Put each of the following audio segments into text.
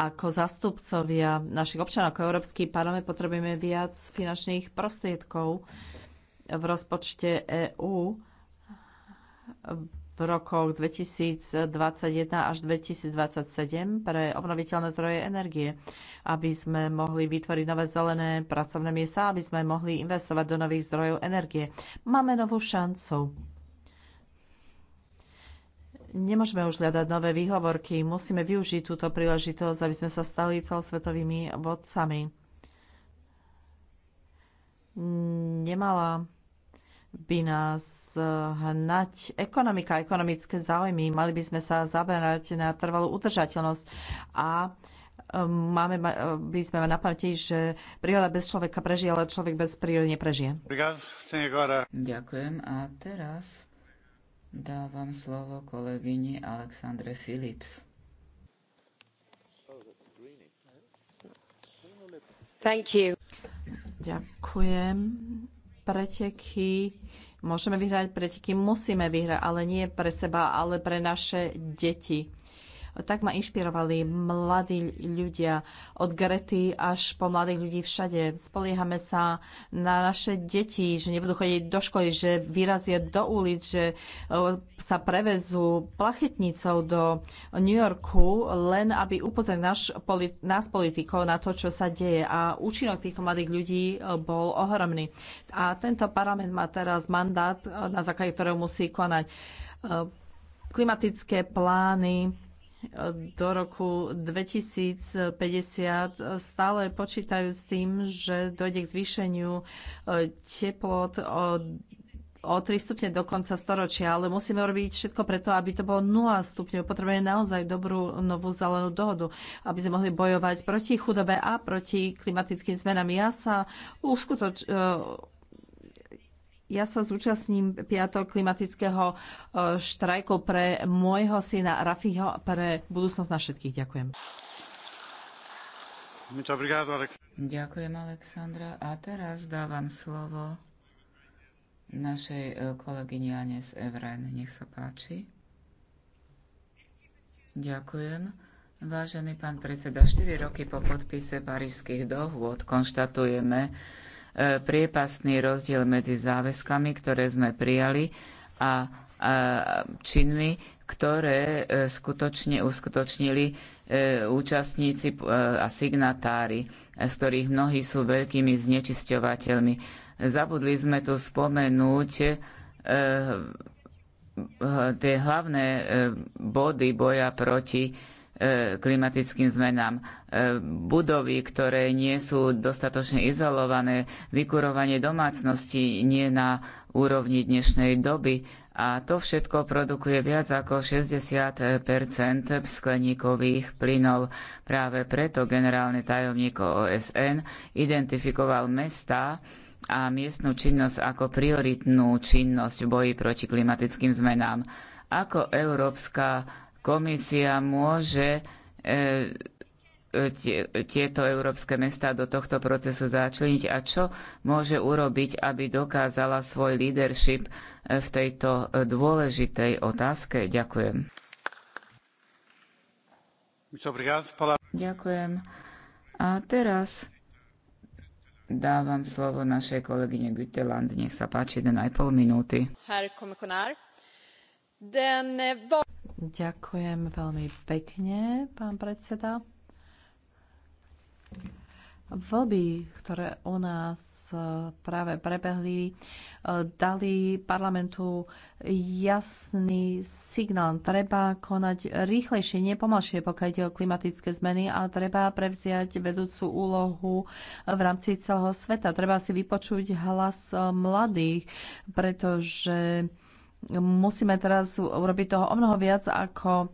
ako zastupcovia našich občanov, ako Európsky parlament, potrebujeme viac finančných prostriedkov v rozpočte EÚ v rokoch 2021 až 2027 pre obnoviteľné zdroje energie, aby sme mohli vytvoriť nové zelené pracovné miesta, aby sme mohli investovať do nových zdrojov energie. Máme novú šancu Nemôžeme už hľadať nové výhovorky, musíme využiť túto príležitosť, aby sme sa stali celosvetovými vodcami. Nemala by nás hnať ekonomika, ekonomické záujmy. Mali by sme sa zaberať na trvalú udržateľnosť a um, máme, by sme na pamäti, že príroda bez človeka prežije, ale človek bez prírody neprežije. Ďakujem. A teraz Dávam slovo kolegyni Alexandre Philips. Thank you. Ďakujem. Preteky môžeme vyhrať, preteky musíme vyhrať, ale nie pre seba, ale pre naše deti tak ma inšpirovali mladí ľudia od Grety až po mladých ľudí všade. Spoliehame sa na naše deti, že nebudú chodiť do školy, že vyrazia do ulic, že e, sa prevezú plachetnicou do New Yorku, len aby upozorili nás, nás politikov na to, čo sa deje. A účinok týchto mladých ľudí e, bol ohromný. A tento parlament má teraz mandát, e, na základe ktorého musí konať klimatické plány do roku 2050 stále počítajú s tým, že dojde k zvýšeniu e, teplot o, o 3 stupne do konca storočia, ale musíme robiť všetko preto, aby to bolo 0 stupňov. Potrebujeme naozaj dobrú novú zelenú dohodu, aby sme mohli bojovať proti chudobe a proti klimatickým zmenám. Ja sa uskutoč, e, ja sa zúčastním 5. klimatického e, štrajku pre môjho syna Rafiho a pre budúcnosť na všetkých. Ďakujem. Ďakujem, Alexandra. A teraz dávam slovo našej e, kolegyni Anes Evren. Nech sa páči. Ďakujem. Vážený pán predseda, 4 roky po podpise parížských dohôd konštatujeme, E, priepasný rozdiel medzi záväzkami, ktoré sme prijali a činmi, ktoré e, skutočne uskutočnili e, účastníci a signatári, z ktorých mnohí sú veľkými znečisťovateľmi. Zabudli sme tu spomenúť tie hlavné body boja proti E, klimatickým zmenám. E, budovy, ktoré nie sú dostatočne izolované, vykurovanie domácnosti nie na úrovni dnešnej doby a to všetko produkuje viac ako 60 skleníkových plynov. Práve preto generálny tajomník OSN identifikoval mestá, a miestnu činnosť ako prioritnú činnosť v boji proti klimatickým zmenám. Ako Európska komisia môže e, e, tieto európske mesta do tohto procesu začleniť a čo môže urobiť, aby dokázala svoj leadership e, v tejto dôležitej otázke. Ďakujem. Ďakujem. A teraz dávam slovo našej kolegyne Güteland. Nech sa páči, 1,5 minúty. Herr komisionár, den eh, Ďakujem veľmi pekne, pán predseda. Voľby, ktoré u nás eh, práve prebehli, eh, dali parlamentu jasný signál. Treba konať rýchlejšie, nepomalšie, pokiaľ ide o klimatické zmeny a treba prevziať vedúcu úlohu v rámci celého sveta. Treba si vypočuť hlas eh, mladých, pretože musíme teraz urobiť toho o mnoho viac, ako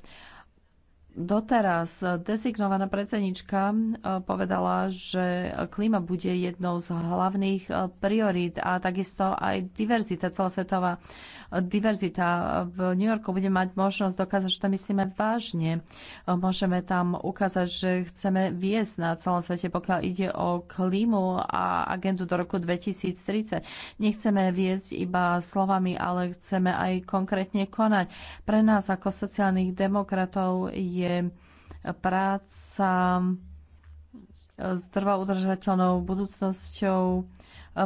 Doteraz dezignovaná predsednička e, povedala, že klíma bude jednou z hlavných e, priorít a takisto aj diverzita, celosvetová diverzita. V New Yorku bude mať možnosť dokázať, že to myslíme vážne. E, môžeme tam ukázať, že chceme viesť na celom svete, pokiaľ ide o klímu a agendu do roku 2030. Nechceme viesť iba slovami, ale chceme aj konkrétne konať. Pre nás ako sociálnych demokratov je je práca s trvá udržateľnou budúcnosťou,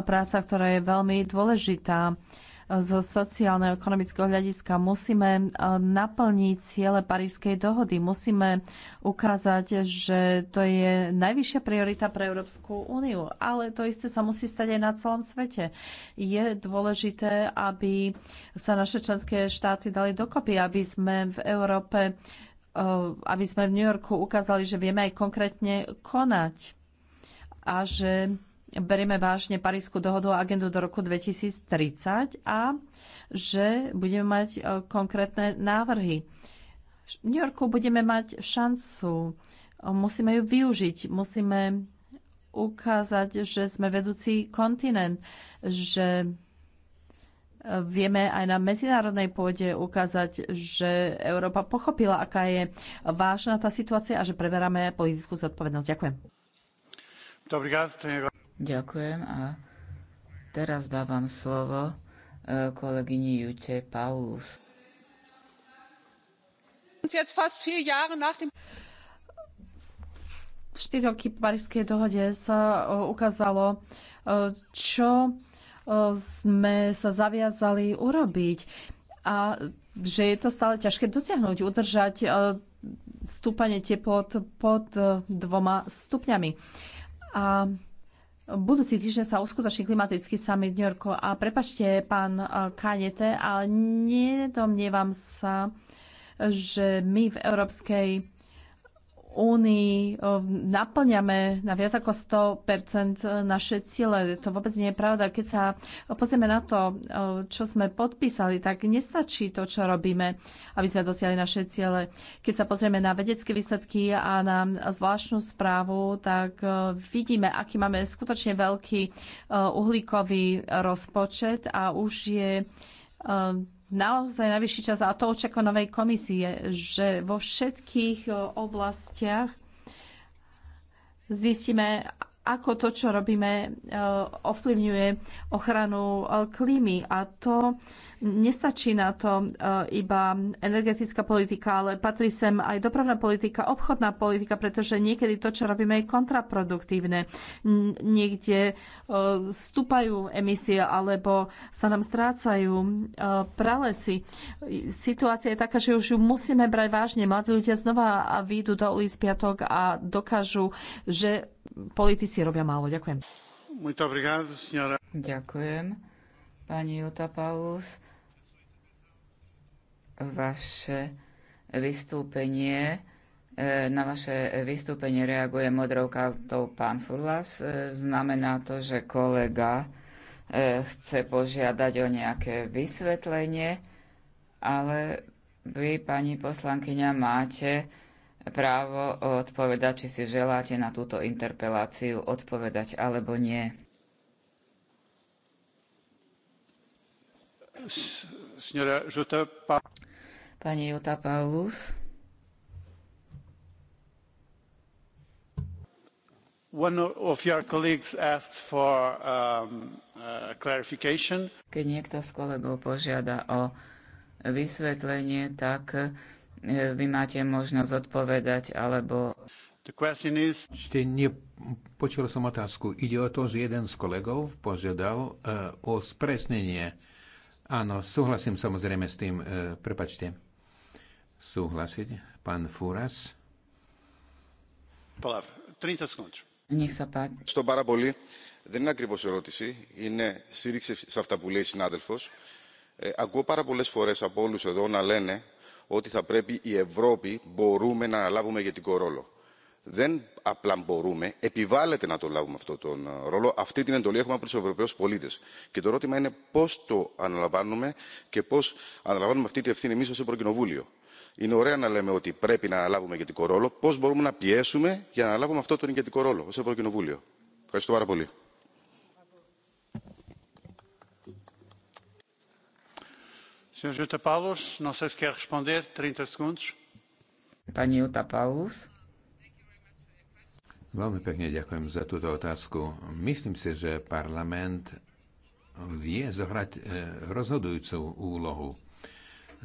práca, ktorá je veľmi dôležitá zo sociálneho ekonomického hľadiska. Musíme naplniť ciele Parískej dohody. Musíme ukázať, že to je najvyššia priorita pre Európsku úniu. Ale to isté sa musí stať aj na celom svete. Je dôležité, aby sa naše členské štáty dali dokopy, aby sme v Európe Eh, aby sme v New Yorku ukázali, že vieme aj konkrétne konať a že berieme vážne Parísku dohodu a agendu do roku 2030 a že budeme mať eh, konkrétne návrhy. V New Yorku budeme mať šancu, musíme ju využiť, musíme ukázať, že sme vedúci kontinent, že vieme aj na medzinárodnej pôde ukázať, že Európa pochopila, aká je vážna tá situácia a že preberáme politickú zodpovednosť. Ďakujem. Ďakujem a teraz dávam slovo e, kolegyni Jute Paulus. V 4 roky Parížskej dohode sa e, ukázalo, e, čo sme sa zaviazali urobiť a že je to stále ťažké dosiahnuť, udržať stúpanie teplot pod dvoma stupňami. A budúci týždeň sa uskutoční klimatický summit v New Yorku. A prepačte, pán Kanete, ale nedomnievam sa, že my v Európskej únii e, naplňame na viac ako 100% naše ciele. To vôbec nie je pravda. Keď sa pozrieme na to, e, čo sme podpísali, tak nestačí to, čo robíme, aby sme dosiali naše ciele. Keď sa pozrieme na vedecké výsledky a na zvláštnu správu, tak e, vidíme, aký máme skutočne veľký uhlíkový rozpočet a už je naozaj najvyšší čas a to očakáva novej komisie, že vo všetkých e, oblastiach zistíme, ako to, čo robíme, e, ovplyvňuje ochranu e, klímy. A to nestačí na to e, iba energetická politika, ale patrí sem aj dopravná politika, obchodná politika, pretože niekedy to, čo robíme, je kontraproduktívne. Niekde stúpajú emisie alebo sa nám strácajú pralesy. Situácia je taká, že už ju musíme brať vážne. Mladí ľudia znova výjdu do ulic piatok a dokážu, že politici robia málo. Ďakujem. Ďakujem. Pani Jota Paulus, vaše vystúpenie e, na vaše vystúpenie reaguje modrou kartou pán Furlas. E, znamená to, že kolega e, chce požiadať o nejaké vysvetlenie, ale vy, pani poslankyňa, máte právo odpovedať, či si želáte na túto interpeláciu odpovedať alebo nie. Pani Juta Paulus. For, um, uh, Keď niekto z kolegov požiada o vysvetlenie, tak E, vy máte možnosť odpovedať, alebo... Ešte nepočul som otázku. Ide o to, že jeden z kolegov požiadal uh, o spresnenie. Áno, súhlasím samozrejme s tým. Uh, prepačte. Súhlasiť. Pán Fúras. Palavra. 30 sekúnd. Nech sa páči. Čo bára boli, Δεν είναι ακριβώς ερώτηση. Είναι στήριξη σε αυτά που λέει συνάδελφος. Ε, ακούω πάρα πολλές φορές από όλους εδώ να λένε ότι θα πρέπει η Ευρώπη μπορούμε να αναλάβουμε ηγετικό ρόλο. Δεν απλά μπορούμε, επιβάλλεται να το λάβουμε αυτόν τον ρόλο. Αυτή την εντολή έχουμε από του Ευρωπαίου πολίτε. Και το ερώτημα είναι πώ το αναλαμβάνουμε και πώ αναλαμβάνουμε αυτή τη ευθύνη εμεί ω Ευρωκοινοβούλιο. Είναι ωραία να λέμε ότι πρέπει να αναλάβουμε ηγετικό ρόλο. Πώ μπορούμε να πιέσουμε για να αναλάβουμε αυτόν τον ηγετικό ρόλο ω Ευρωκοινοβούλιο. Ευχαριστώ πάρα πολύ. No Pani Jutta Paulus. Veľmi pekne ďakujem za túto otázku. Myslím si, že parlament vie zohrať e, rozhodujúcu úlohu.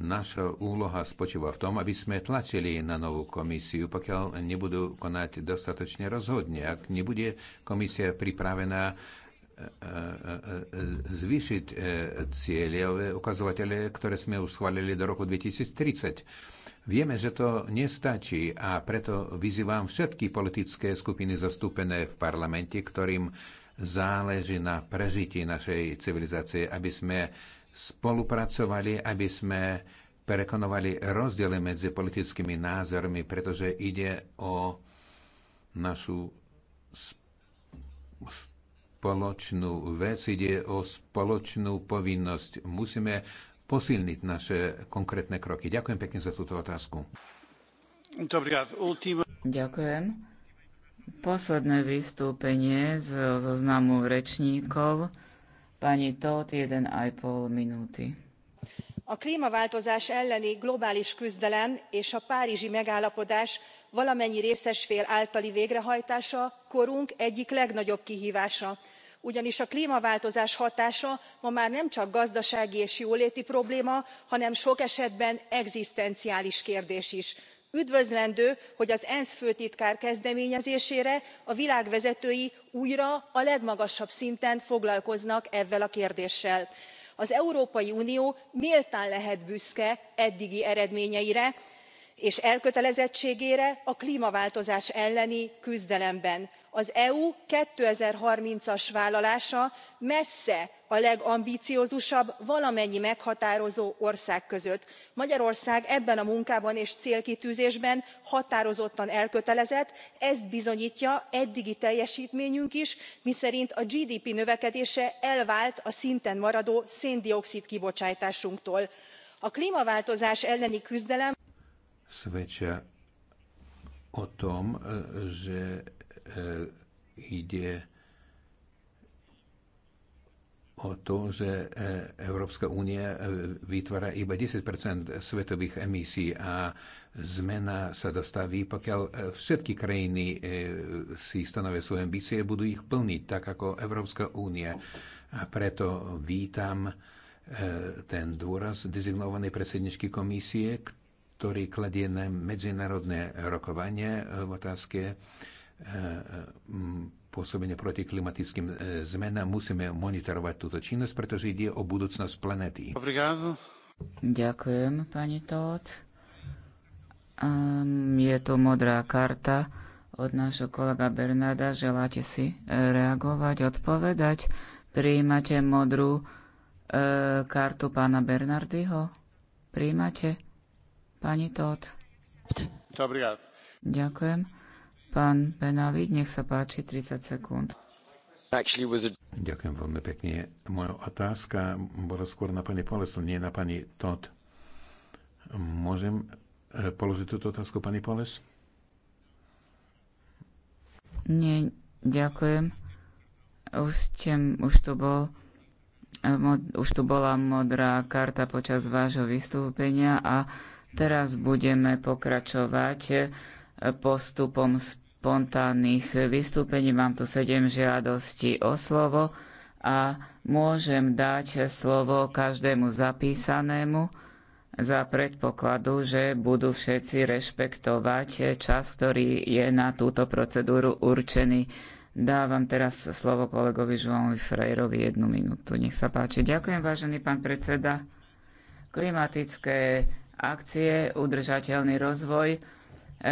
Naša úloha spočíva v tom, aby sme tlačili na novú komisiu, pokiaľ nebudú konať dostatočne rozhodne. Ak nebude komisia pripravená zvýšiť e, cieľové e, ukazovatele, ktoré sme už schválili do roku 2030. Vieme, že to nestačí a preto vyzývam všetky politické skupiny zastúpené v parlamente, ktorým záleží na prežití našej civilizácie, aby sme spolupracovali, aby sme prekonovali rozdiely medzi politickými názormi, pretože ide o našu spoločnú vec, ide o spoločnú povinnosť. Musíme posilniť naše konkrétne kroky. Ďakujem pekne za túto otázku. Ďakujem. Posledné vystúpenie z zoznamu rečníkov. Pani Tóth, 1,5 minúty. A klímaváltozás elleni globális küzdelem és a párizsi megállapodás valamennyi részes fél általi végrehajtása korunk egyik legnagyobb kihvása ugyanis a klmaváltozás hatása ma már nem csak gazdasági és jóléti probléma hanem sok esetben egzisztenciális kérdés is. üdvözlendő hogy az ensz főtitkár kezdeményezésére a világ vezetői újra a legmagasabb szinten foglalkoznak evvel a kérdéssel. az európai unió méltán lehet büszke eddigi eredményeire és elkötelezettségére a klmaváltozás elleni küzdelemben. az eu two thousand and thirty as vállalása messze a legambiciózusabb valamennyi meghatározó ország között. magyarország ebben a munkában és célkitűzésben határozottan elkötelezett ezt bizonytja eddigi teljestményünk is miszerint a gdp növekedése elvált a szinten maradó szén dioxid kibocsátásunktól. a klmaváltozás elleni küzdelem svedčia o tom, e, že e, ide o to, že e, Európska únia vytvára iba 10 svetových emisí a zmena sa dostaví, pokiaľ všetky krajiny si stanovia svoje ambície, budú ich plniť, tak ako Európska únia. A preto vítam ten dôraz dezignovanej predsedničky komisie, ktorý kladie na medzinárodné rokovanie e, v otázke e, e, pôsobenia proti klimatickým zmenám. Musíme monitorovať túto činnosť, pretože ide o budúcnosť planety. Obrigado. Ďakujem, pani Todd. Um, je tu modrá karta od nášho kolega Bernarda. Želáte si reagovať, odpovedať? Prijímate modrú uh, kartu pána Bernardyho? Prijímate? Pani Todd. Dobrý. Ďakujem. Pán Benavid, nech sa páči, 30 sekúnd. Ďakujem veľmi pekne. Moja otázka bola skôr na pani Poleson, nie na pani Todd. Môžem eh, položiť túto otázku pani Poles? Nie, ďakujem. Už, tiem, už tu bol eh, mod, už tu bola modrá karta počas vášho vystúpenia a uh, Teraz budeme pokračovať eh, postupom spontánnych vystúpení. Mám tu sedem žiadostí o slovo a môžem dať slovo každému zapísanému za predpokladu, že budú všetci rešpektovať eh, čas, ktorý je na túto procedúru určený. Dávam teraz slovo kolegovi Žuanovi Frejrovi jednu minútu. Nech sa páči. Ďakujem, vážený pán predseda. Klimatické akcie Udržateľný rozvoj e,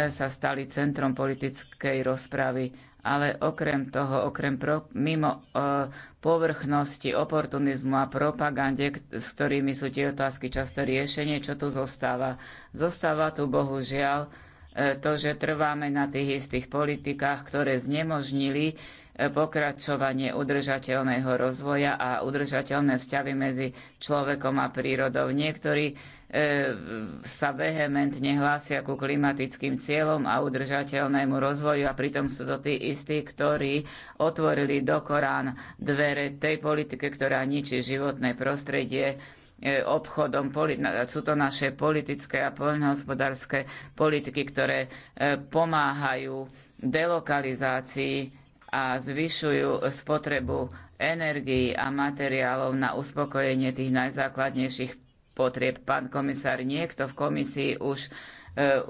sa stali centrom politickej rozpravy. Ale okrem toho, okrem pro, mimo e, povrchnosti, oportunizmu a propagande, s ktorými sú tie otázky často riešenie, čo tu zostáva? Zostáva tu bohužiaľ e, to, že trváme na tých istých politikách, ktoré znemožnili pokračovanie udržateľného rozvoja a udržateľné vzťahy medzi človekom a prírodou. Niektorí e, sa vehementne hlásia ku klimatickým cieľom a udržateľnému rozvoju a pritom sú to tí istí, ktorí otvorili do Korán dvere tej politike, ktorá ničí životné prostredie e, obchodom. sú to naše politické a poľnohospodárske politiky, ktoré e, pomáhajú delokalizácii a zvyšujú spotrebu energií a materiálov na uspokojenie tých najzákladnejších potrieb. Pán komisár, niekto v komisii už e,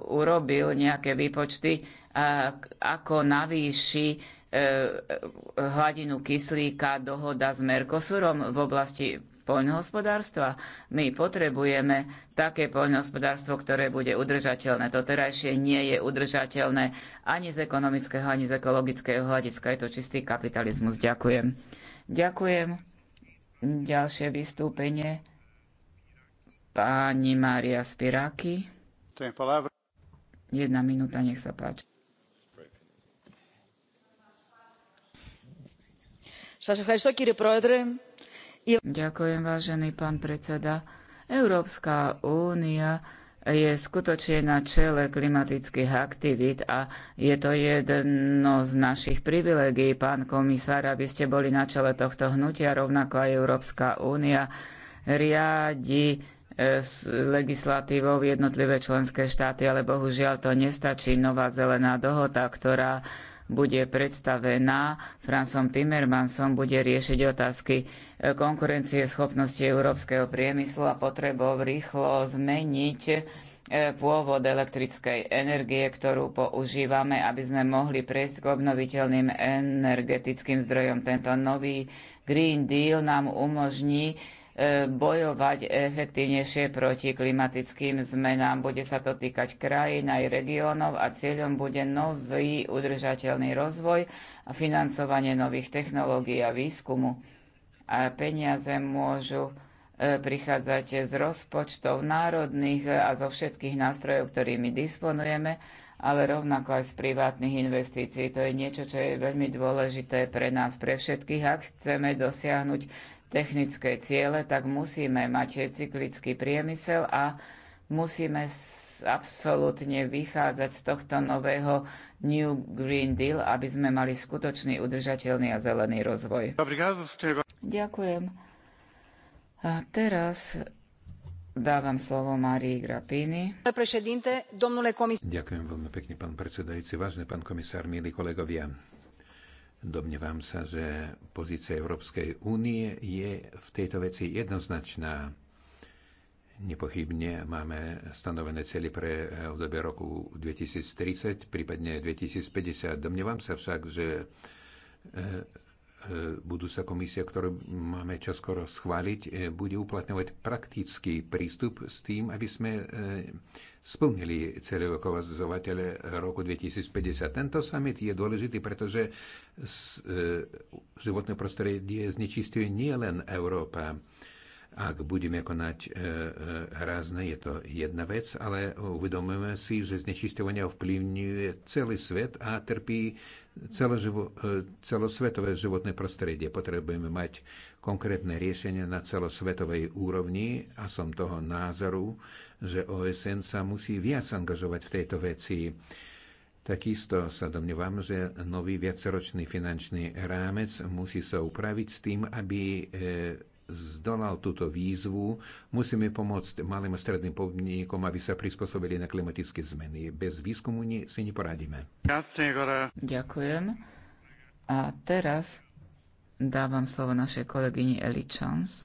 urobil nejaké výpočty, a, ako navýši e, hladinu kyslíka dohoda s Mercosurom v oblasti poľnohospodárstva. My potrebujeme také poľnohospodárstvo, ktoré bude udržateľné. To terajšie nie je udržateľné ani z ekonomického, ani z ekologického hľadiska. Je to čistý kapitalizmus. Ďakujem. Ďakujem. Ďalšie vystúpenie. Pani Mária Spiráky. Jedna minúta, nech sa páči. Σας ευχαριστώ κύριε Πρόεδρε. Ďakujem, vážený pán predseda. Európska únia je skutočne na čele klimatických aktivít a je to jedno z našich privilegií, pán komisár, aby ste boli na čele tohto hnutia, rovnako aj Európska únia riadi e, s legislatívou jednotlivé členské štáty, ale bohužiaľ to nestačí. Nová zelená dohoda, ktorá bude predstavená Francom Timmermansom, bude riešiť otázky e, konkurencie schopnosti európskeho priemyslu a potrebov rýchlo zmeniť e, pôvod elektrickej energie, ktorú používame, aby sme mohli prejsť k obnoviteľným energetickým zdrojom. Tento nový Green Deal nám umožní E, bojovať efektívnejšie proti klimatickým zmenám. Bude sa to týkať krajín aj regiónov a cieľom bude nový udržateľný rozvoj a financovanie nových technológií a výskumu. A peniaze môžu e, prichádzať z rozpočtov národných a zo všetkých nástrojov, ktorými disponujeme, ale rovnako aj z privátnych investícií. To je niečo, čo je veľmi dôležité pre nás, pre všetkých, ak chceme dosiahnuť technické ciele, tak musíme mať cyklický priemysel a musíme absolútne vychádzať z tohto nového New Green Deal, aby sme mali skutočný, udržateľný a zelený rozvoj. Ďakujem. A teraz dávam slovo Marii Grapini. Ďakujem veľmi pekne, pán predsedajúci, vážne pán komisár, milí kolegovia. Domnievam sa, že pozícia Európskej únie je v tejto veci jednoznačná. Nepochybne máme stanovené cely pre obdobie roku 2030, prípadne 2050. Domnievam sa však, že e, e, budúca komisia, ktorú máme čoskoro schváliť, e, bude uplatňovať praktický prístup s tým, aby sme splnili cieľe zovateľe roku 2050. Tento summit je dôležitý, pretože e, životné prostredie znečistuje nielen Európa. Ak budeme konať hrázne, e, e, je to jedna vec, ale uvedomujeme si, že znečistovanie ovplyvňuje celý svet a trpí celoživo, celosvetové životné prostredie. Potrebujeme mať konkrétne riešenie na celosvetovej úrovni a som toho názoru, že OSN sa musí viac angažovať v tejto veci. Takisto sa domňujem, že nový viaceročný finančný rámec musí sa upraviť s tým, aby e, zdolal túto výzvu. Musíme pomôcť malým a stredným podnikom, aby sa prispôsobili na klimatické zmeny. Bez výskumu si neporadíme. Ďakujem. A teraz dávam slovo našej kolegyni Eli Chance.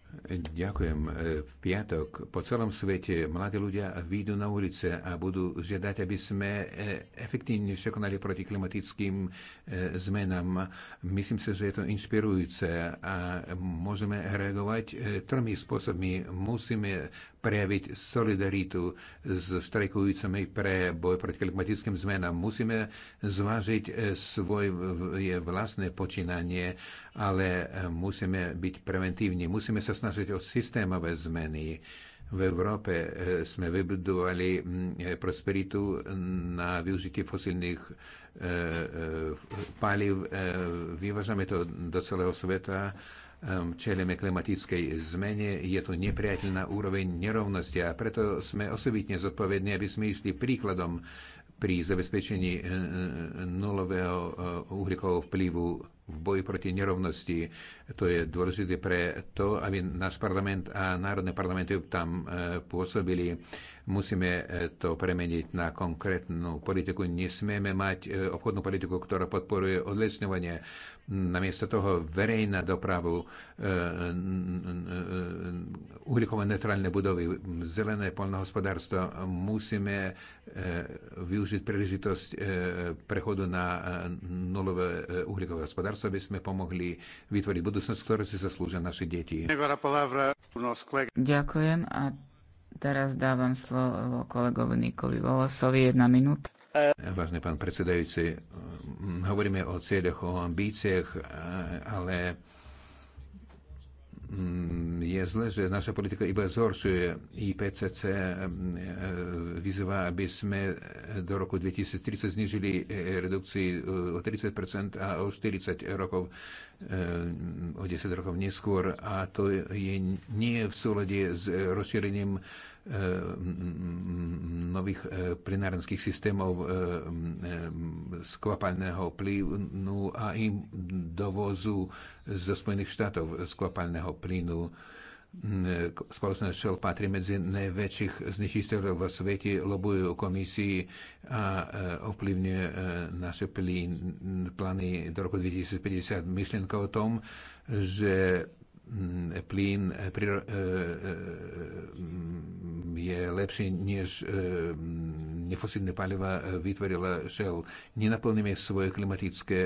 Ďakujem. E, v piatok po celom svete mladí ľudia výjdu na ulice a budú žiadať, aby sme e, efektívne konali proti klimatickým e, zmenám. Myslím si, že je to inšpirujúce a môžeme reagovať tromi spôsobmi. Musíme prejaviť solidaritu s štrajkujúcimi pre boj proti klimatickým zmenám. Musíme zvážiť svoje vlastné počínanie, ale musíme byť preventívni. Musíme sa snažiť o systémové zmeny. V Európe eh, sme vybudovali mm, eh, prosperitu na využitie fosílnych eh, palív. Vyvážame to do celého sveta čelíme klimatickej zmene, je to nepriateľná úroveň nerovnosti a preto sme osobitne zodpovední, aby sme išli príkladom pri zabezpečení nulového uhlíkového vplyvu v boji proti nerovnosti. To je dôležité pre to, aby náš parlament a národné parlamenty tam e, pôsobili. Musíme e, to premeniť na konkrétnu politiku. Nesmieme mať e, obchodnú politiku, ktorá podporuje odlesňovanie, namiesto toho verejná dopravu, e, uhlíkové neutrálne budovy, zelené polnohospodárstvo. Musíme e, využiť príležitosť e, prechodu na nulové uhlíkové hospodárstvo, aby sme pomohli vytvoriť budúcnosť, ktoré si zaslúžia naše deti. Ďakujem a teraz dávam slovo kolegovi Nikoli Volosovi. Jedna minúta. Eh, Vážne pán predsedajúci, hm, hovoríme o cieľoch, o ambíciách, eh, ale hm, je zle, že naša politika iba zhoršuje. IPCC hm, eh, vyzýva, aby sme do roku 2030 znižili redukcii o 30 a o 40 rokov, o 10 rokov neskôr. A to je nie v súlade s rozšírením Eh, nových eh, plinárenských systémov eh, skvapalného plynu a im dovozu zo Spojených štátov skvapalného plynu. Mm, Spoločnosť Shell patrí medzi najväčších znečistiteľov vo svete, lobujú komisii a ovplyvňuje naše plány do roku 2050. Myšlienka o tom, že Mm, e, plyn e, e, je lepší než mm, nefosilné paliva vytvorila Shell. Nenaplníme svoje klimatické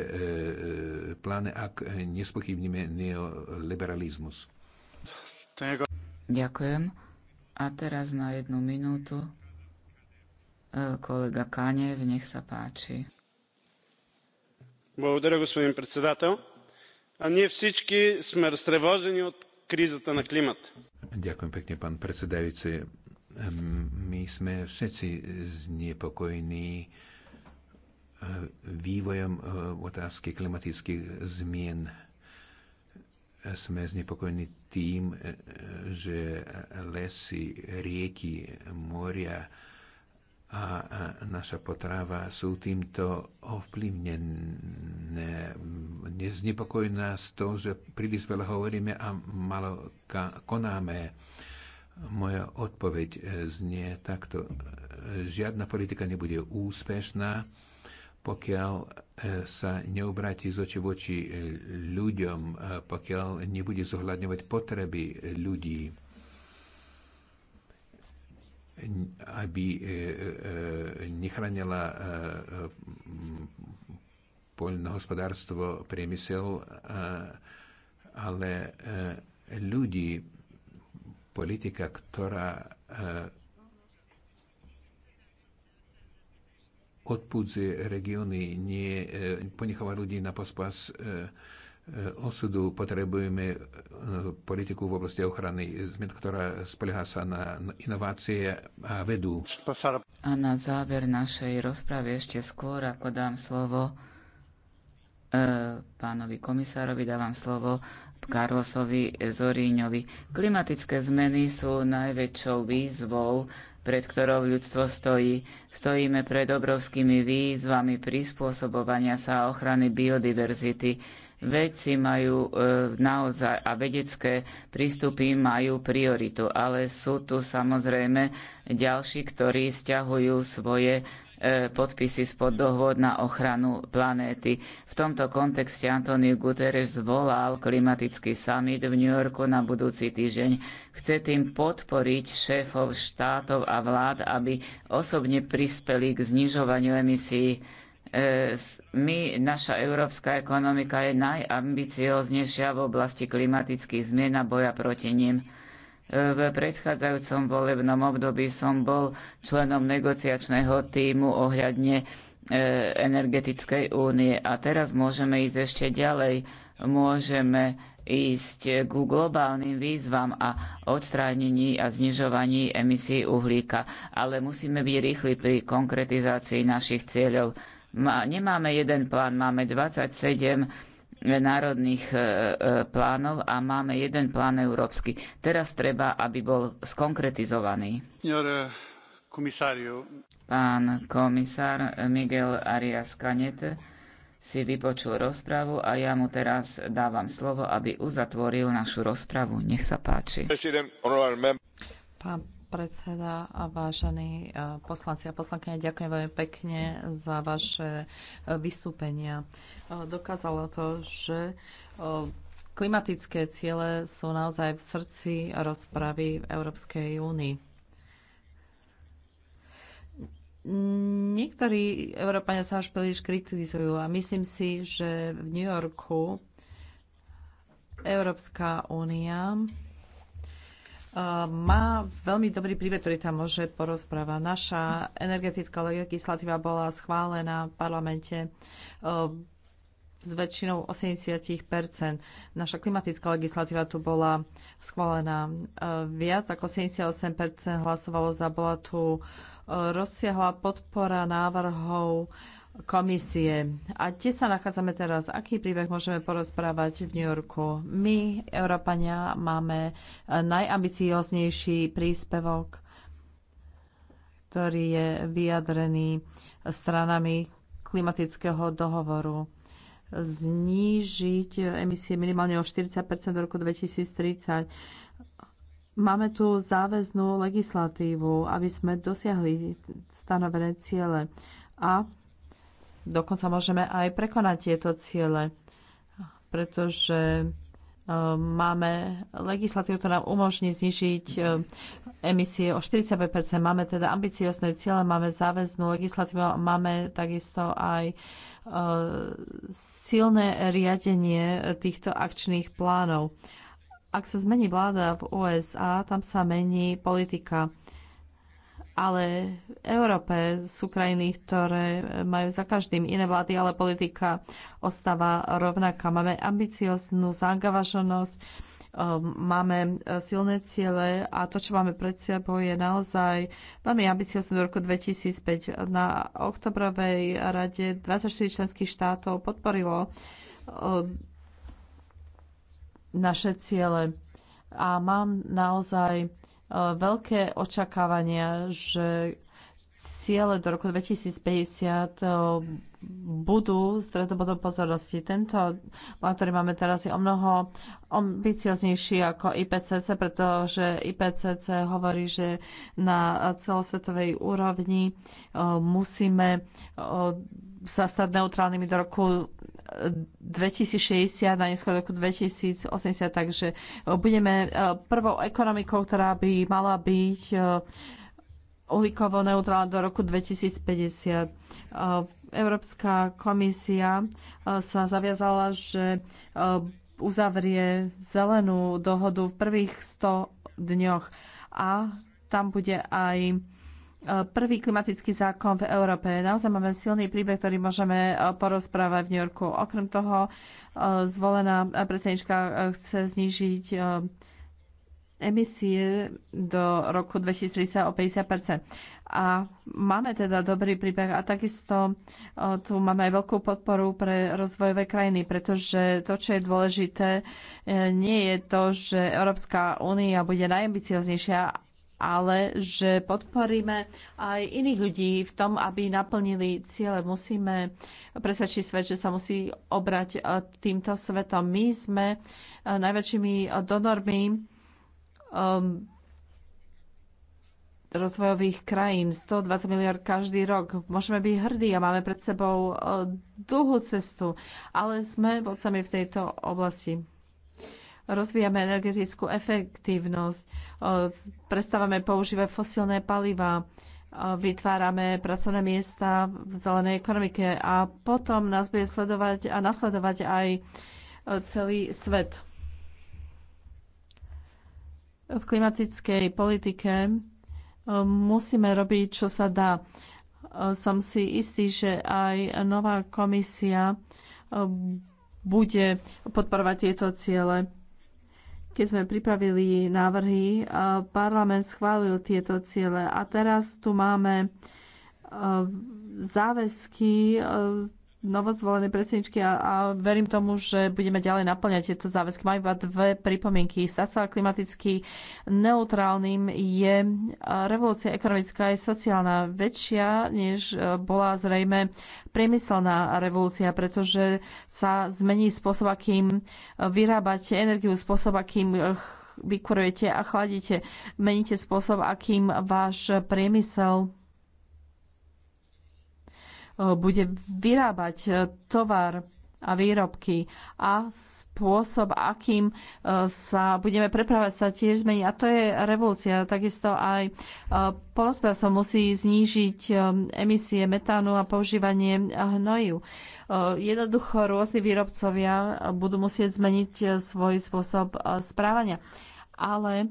plány, ak nespochybníme neoliberalizmus. Ďakujem. A teraz na jednu minútu kolega Kanev, nech sa páči. Благодаря, господин председател a nie všetci sme roztrevожени od krízata na klimat. Ďakujem pekne, pán predsedajúci. My sme všetci znepokojení vývojom otázky klimatických zmien. Sme znepokojení tým, že lesy, rieky, moria, a naša potrava sú týmto ovplyvnené. Neznepokojí nás to, že príliš veľa hovoríme a malo konáme. Moja odpoveď e, znie takto. Žiadna politika nebude úspešná, pokiaľ e, sa neobráti z oči voči e, ľuďom, pokiaľ nebude zohľadňovať potreby ľudí aby e, e, e, nechránila poľnohospodárstvo, priemysel, ale ľudí, politika, ktorá odpudzuje regióny, nie ponecháva ľudí na pospas E, osudu potrebujeme e, politiku v oblasti ochrany zmien, ktorá spolieha sa na inovácie a vedú. A na záver našej rozpravy ešte skôr, ako dám slovo e, pánovi komisárovi, dávam slovo Karlosovi Zoríňovi. Klimatické zmeny sú najväčšou výzvou, pred ktorou ľudstvo stojí. Stojíme pred obrovskými výzvami prispôsobovania sa a ochrany biodiverzity vedci majú e, naozaj a vedecké prístupy majú prioritu, ale sú tu samozrejme ďalší, ktorí stiahujú svoje e, podpisy spod dohôd na ochranu planéty. V tomto kontexte Antonio Guterres zvolal klimatický summit v New Yorku na budúci týždeň. Chce tým podporiť šéfov štátov a vlád, aby osobne prispeli k znižovaniu emisí E, my, naša európska ekonomika je najambicioznejšia v oblasti klimatických zmien a boja proti ním. E, v predchádzajúcom volebnom období som bol členom negociačného týmu ohľadne e, energetickej únie a teraz môžeme ísť ešte ďalej. Môžeme ísť ku globálnym výzvam a odstránení a znižovaní emisí uhlíka. Ale musíme byť rýchli pri konkretizácii našich cieľov nemáme jeden plán, máme 27 národných e, e, plánov a máme jeden plán európsky. Teraz treba, aby bol skonkretizovaný. E, Pán komisár Miguel Arias Canete si vypočul rozpravu a ja mu teraz dávam slovo, aby uzatvoril našu rozpravu. Nech sa páči. Pán predseda a vážení e, poslanci a poslankyne, ďakujem veľmi pekne za vaše e, vystúpenia. E, dokázalo to, že klimatické ciele sú naozaj v srdci rozpravy v Európskej únii. Niektorí Európania sa až príliš kritizujú a myslím si, že v New Yorku Európska únia má veľmi dobrý príbeh, ktorý tam môže porozpráva. Naša energetická legislatíva bola schválená v parlamente e, s väčšinou 80 Naša klimatická legislatíva tu bola schválená e, viac ako 78 hlasovalo za. Bola tu e, rozsiahla podpora návrhov komisie. A kde sa nachádzame teraz? Aký príbeh môžeme porozprávať v New Yorku? My, Európania, máme eh, najambicióznejší príspevok, ktorý je vyjadrený stranami klimatického dohovoru znížiť emisie minimálne o 40 do roku 2030. Máme tu záväznú legislatívu, aby sme dosiahli stanovené ciele. A dokonca môžeme aj prekonať tieto ciele, pretože e, máme legislatívu, ktorá nám umožní znižiť e, emisie o 45 Máme teda ambiciozne ciele, máme záväznú legislatívu, máme takisto aj e, silné riadenie týchto akčných plánov. Ak sa zmení vláda v USA, tam sa mení politika. Ale v Európe sú krajiny, ktoré majú za každým iné vlády, ale politika ostáva rovnaká. Máme ambicioznú zaangažovanosť, um, máme e, silné ciele a to, čo máme pred sebou, je naozaj veľmi ambiciozne do roku 2005. Na oktobrovej rade 24 členských štátov podporilo um, naše ciele. A mám naozaj E, veľké očakávania, že ciele do roku 2050 e, budú stredobodom pozornosti. Tento plán, ktorý máme teraz, je o mnoho ambicioznejší ako IPCC, pretože IPCC hovorí, že na celosvetovej úrovni e, musíme sa stať neutrálnymi do roku 2060 na neskôr roku 2080, takže e, budeme e, prvou ekonomikou, ktorá by mala byť e, uhlíkovo neutrálna do roku 2050. Európska komisia sa zaviazala, že uzavrie zelenú dohodu v prvých 100 dňoch a tam bude aj prvý klimatický zákon v Európe. Naozaj máme silný príbeh, ktorý môžeme e, porozprávať v New Yorku. Okrem toho, e, zvolená predsednička e, chce znižiť emisie do roku 2030 o 50 A máme teda dobrý príbeh a takisto tu máme aj veľkú podporu pre rozvojové krajiny, pretože to, čo je dôležité, nie je to, že Európska únia bude najambicioznejšia, ale že podporíme aj iných ľudí v tom, aby naplnili ciele. Musíme presvedčiť svet, že sa musí obrať e, týmto svetom. My sme e, najväčšími donormi um, rozvojových krajín. 120 miliard každý rok. Môžeme byť hrdí a máme pred sebou dlhú cestu, ale sme vodcami v tejto oblasti rozvíjame energetickú efektívnosť, prestávame používať fosílne paliva, vytvárame pracovné miesta v zelenej ekonomike a potom nás bude sledovať a nasledovať aj celý svet. V klimatickej politike musíme robiť, čo sa dá. Som si istý, že aj nová komisia bude podporovať tieto ciele keď sme pripravili návrhy, e, parlament schválil tieto ciele a teraz tu máme e, záväzky e, novozvolené predsedničky a, a verím tomu, že budeme ďalej naplňať tieto záväzky. Mám iba dve pripomienky. Stať sa klimaticky neutrálnym je e, revolúcia ekonomická aj sociálna väčšia, než e, bola zrejme priemyselná revolúcia, pretože sa zmení spôsob, akým e, vyrábate energiu, spôsob, akým vykurujete a chladíte. Meníte spôsob, akým váš priemysel Eh, bude vyrábať eh, tovar a výrobky a spôsob, akým eh, sa budeme prepravať, sa tiež zmení. A to je revolúcia. Takisto aj polnospodárstvo musí znížiť emisie metánu a používanie hnoju. Jednoducho rôzni výrobcovia budú musieť zmeniť svoj spôsob správania. Ale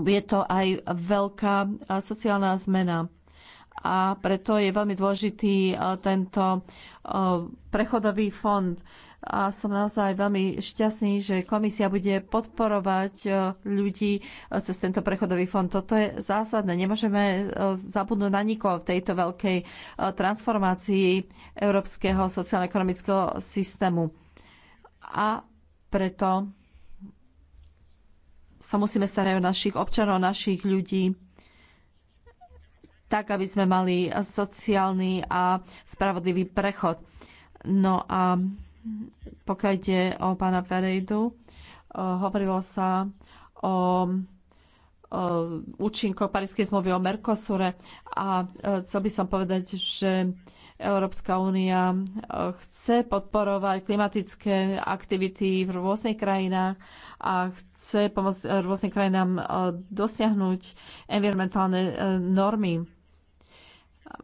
je to aj veľká sociálna zmena a preto je veľmi dôležitý e, tento e, prechodový fond. A som naozaj veľmi šťastný, že komisia bude podporovať e, ľudí cez tento prechodový fond. Toto je zásadné. Nemôžeme zabudnúť na nikoho v tejto veľkej transformácii európskeho sociálno-ekonomického systému. A preto sa musíme starať o našich občanov, našich ľudí tak aby sme mali sociálny a spravodlivý prechod. No a pokiaľ ide o pána Ferejdu, eh, hovorilo sa o účinkov Parískej zmluvy o Mercosure a eh, chcel by som povedať, že Európska únia eh, chce podporovať klimatické aktivity v rôznych krajinách a chce pomôcť rôznym krajinám dosiahnuť environmentálne normy.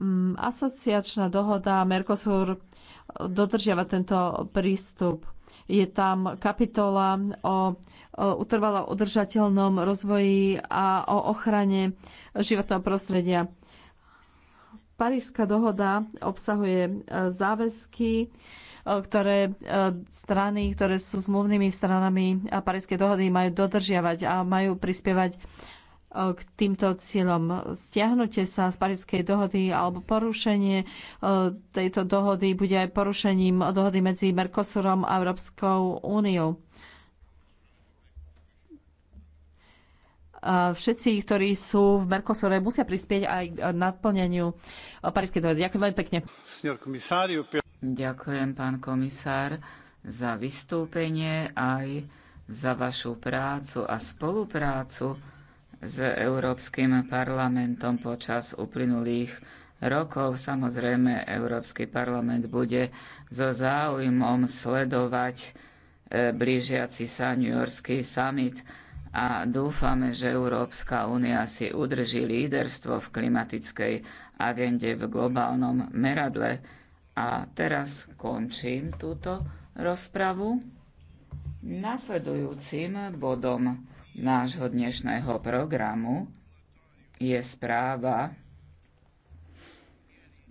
Mm, asociačná dohoda Mercosur dodržiava tento prístup. Je tam kapitola o, utrvalo udržateľnom rozvoji a o ochrane životného prostredia. Parížská dohoda obsahuje e, záväzky, e, ktoré e, strany, ktoré sú zmluvnými stranami Parískej dohody, majú dodržiavať a majú prispievať E, k týmto cieľom. Stiahnutie sa z Parískej dohody alebo porušenie e, tejto dohody bude aj porušením dohody medzi Mercosurom a Európskou úniou. E, všetci, ktorí sú v Mercosure, musia prispieť aj k naplneniu Parískej dohody. Ďakujem veľmi pekne. Ďakujem, pán komisár, za vystúpenie aj za vašu prácu a spoluprácu s Európskym parlamentom počas uplynulých rokov. Samozrejme, Európsky parlament bude so záujmom sledovať e, blížiaci sa New Yorkský summit a dúfame, že Európska únia si udrží líderstvo v klimatickej agende v globálnom meradle. A teraz končím túto rozpravu nasledujúcim bodom nášho dnešného programu je správa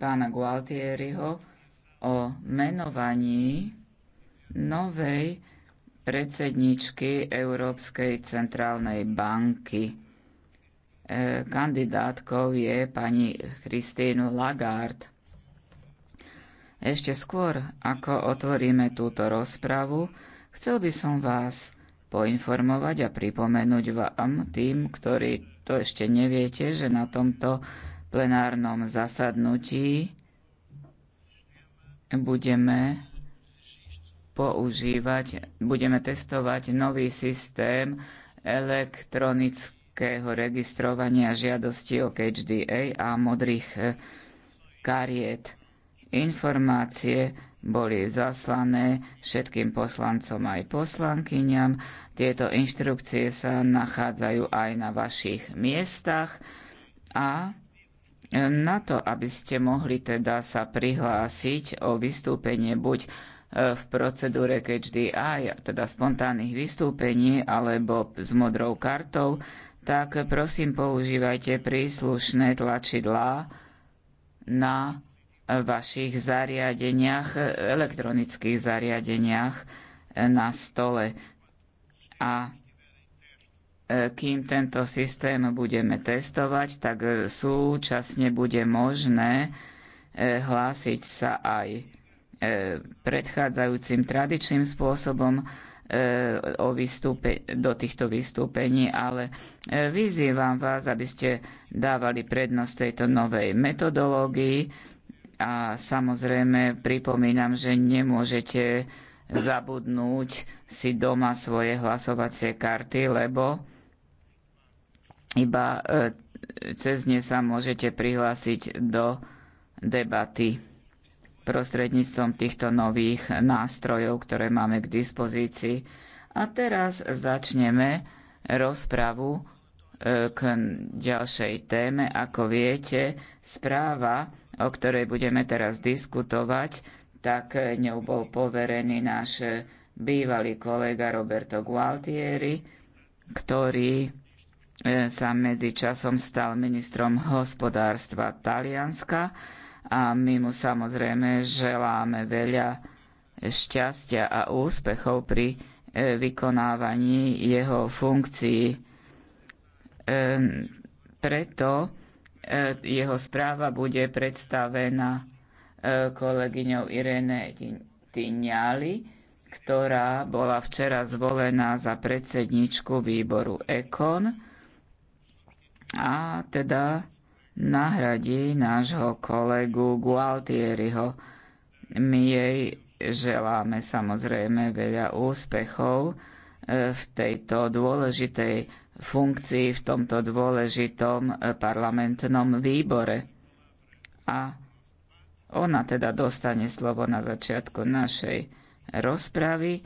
pána Gualtieriho o menovaní novej predsedničky Európskej centrálnej banky. E, kandidátkou je pani Christine Lagarde. Ešte skôr, ako otvoríme túto rozpravu, chcel by som vás poinformovať a pripomenúť vám tým, ktorí to ešte neviete, že na tomto plenárnom zasadnutí budeme používať, budeme testovať nový systém elektronického registrovania žiadosti o HDA a modrých kariet. Informácie boli zaslané všetkým poslancom aj poslankyňam. Tieto inštrukcie sa nachádzajú aj na vašich miestach a na to, aby ste mohli teda sa prihlásiť o vystúpenie buď e, v procedúre keď teda spontánnych vystúpení alebo s modrou kartou, tak prosím používajte príslušné tlačidlá na vašich zariadeniach, elektronických zariadeniach na stole. A e, kým tento systém budeme testovať, tak súčasne bude možné e, hlásiť sa aj e, predchádzajúcim tradičným spôsobom o vystúpe, do týchto vystúpení, ale vyzývam vás, aby ste dávali prednosť tejto novej metodológii, a samozrejme pripomínam, že nemôžete zabudnúť si doma svoje hlasovacie karty, lebo iba e, cez ne sa môžete prihlásiť do debaty prostredníctvom týchto nových nástrojov, ktoré máme k dispozícii. A teraz začneme rozpravu e, k ďalšej téme. Ako viete, správa o ktorej budeme teraz diskutovať, tak ňou bol poverený náš bývalý kolega Roberto Gualtieri, ktorý e, sa medzi časom stal ministrom hospodárstva Talianska a my mu samozrejme želáme veľa šťastia a úspechov pri e, vykonávaní jeho funkcií. E, preto E, jeho správa bude predstavená e, kolegyňou Irene Tignali, ktorá bola včera zvolená za predsedničku výboru EKON a teda nahradí nášho kolegu Gualtieriho. My jej želáme samozrejme veľa úspechov e, v tejto dôležitej funkcií v tomto dôležitom e, parlamentnom výbore. A ona teda dostane slovo na začiatku našej rozpravy.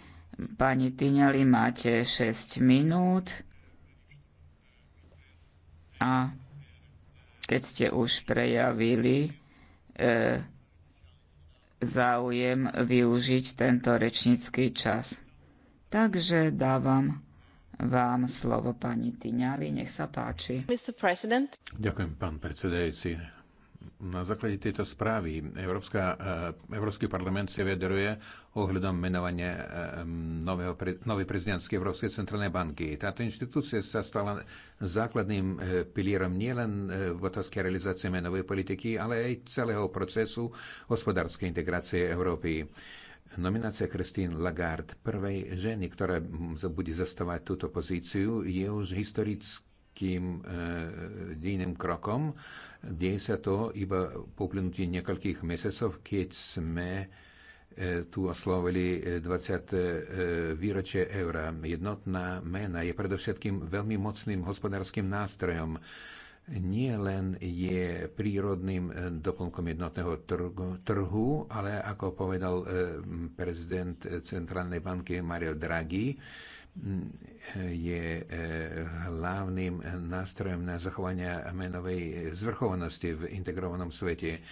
Pani Tyňali, máte 6 minút a keď ste už prejavili e, záujem využiť tento rečnícky čas. Takže dávam vám slovo pani Tyňali. Nech sa páči. Mr. Ďakujem, pán predsedajúci. Na základe tejto správy Európska, eh, Európsky parlament sa vyjadruje ohľadom menovania eh, nového, novej prezidentskej Európskej centrálnej banky. Táto inštitúcia sa stala základným eh, pilierom nielen v otázke realizácie menovej politiky, ale aj celého procesu hospodárskej integrácie Európy. Nominácia Christine Lagarde, prvej ženy, ktorá bude zastávať túto pozíciu, je už historickým e, eh, iným krokom. Deje sa to iba po uplynutí niekoľkých mesiacov, keď sme eh, tu oslovili 20. Eh, výročie eura. Jednotná mena je predovšetkým veľmi mocným hospodárskym nástrojom nie len je prírodným eh, doplnkom jednotného trhu, ale ako povedal eh, prezident Centrálnej banky Mario Draghi, mm, eh, je hlavným nástrojom na zachovanie menovej zvrchovanosti v integrovanom svete.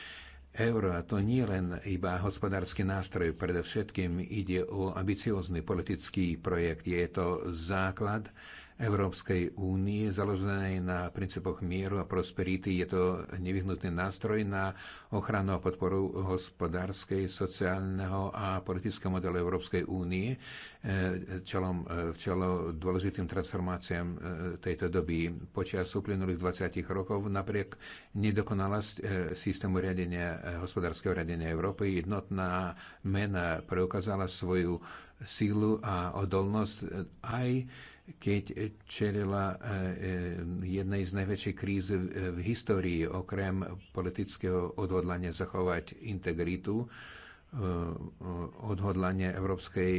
Euro to nie len iba hospodársky nástroj, predovšetkým ide o ambiciózny politický projekt. Je to základ Európskej únie založenej na princípoch mieru a prosperity. Je to nevyhnutný nástroj na ochranu a podporu hospodárskej, sociálneho a politického modelu Európskej únie e, čelom, e, v čelo dôležitým transformáciám e, tejto doby. Počas uplynulých 20 rokov napriek nedokonalosť systému riadenia, hospodárskeho riadenia Európy jednotná mena preukázala svoju sílu a odolnosť aj keď čelila e, e, jednej z najväčších kríz v histórii, okrem politického odhodlania zachovať integritu, e, odhodlanie Európskej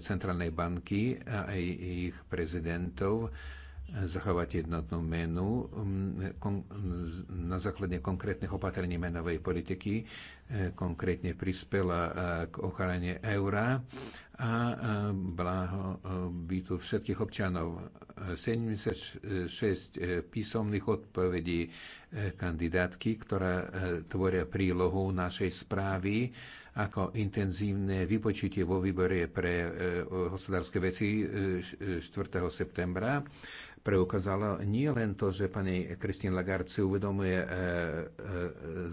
centrálnej banky a aj ich prezidentov zachovať jednotnú menu na základe konkrétnych opatrení menovej politiky, e, konkrétne prispela e, k ochrane eura a e, blaho bytu všetkých občanov. 76 písomných odpovedí kandidátky, ktorá tvoria prílohu našej správy ako intenzívne vypočutie vo výbore pre hospodárske veci 4. septembra preukázala nie len to, že pani Christine Lagarde si uvedomuje e, e,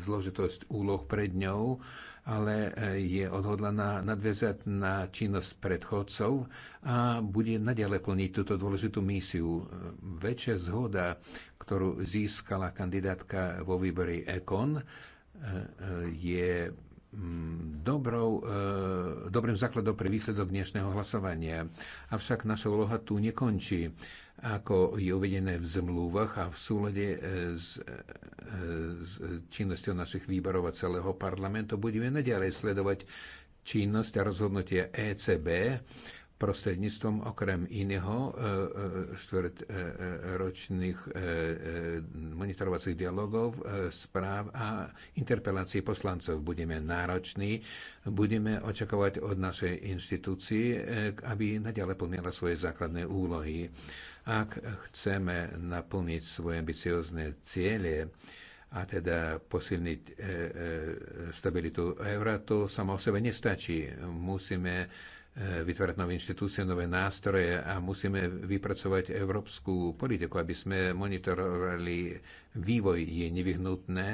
zložitosť úloh pred ňou, ale e, je odhodlaná nadviazať na činnosť predchodcov a bude nadalej plniť túto dôležitú misiu. Väčšia zhoda, ktorú získala kandidátka vo výbore ECON, je Mm, dobrou, e, dobrým základom pre výsledok dnešného hlasovania. Avšak naša úloha tu nekončí. Ako je uvedené v zmluvách a v súlade e, s, e, s činnosťou našich výborov a celého parlamentu, budeme naďalej sledovať činnosť a rozhodnutie ECB prostredníctvom okrem iného e, e, štvrťročných e, monitorovacích dialogov, správ a interpelácií poslancov. Budeme nároční, budeme očakávať od našej inštitúcii, aby naďalej plnila svoje základné úlohy. Ak chceme naplniť svoje ambiciozne ciele, a teda posilniť e, e, stabilitu eura, to samo o sebe nestačí. Musíme e, E, vytvárať nové inštitúcie, nové nástroje a musíme vypracovať európsku politiku, aby sme monitorovali vývoj. Je nevyhnutné,